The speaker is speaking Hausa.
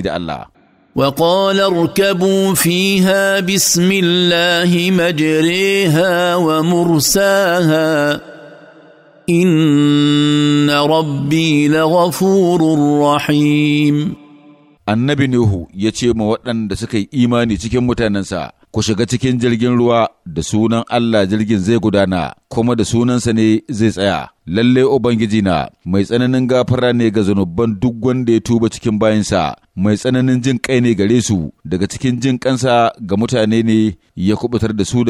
da الله وقال اركبوا فيها بسم الله مجريها ومرساها إن ربي لغفور رحيم annabi Nuhu ya ce ma waɗanda suka yi imani cikin mutanensa, ku shiga cikin jirgin ruwa da sunan Allah jirgin zai gudana, kuma da sunansa ne zai tsaya. Lalle Ubangiji na mai tsananin gafara ne ga zunuban duk wanda ya tuba cikin bayansa, mai tsananin jin kai ne gare su, daga cikin jin kansa ga mutane ne ya kubutar da su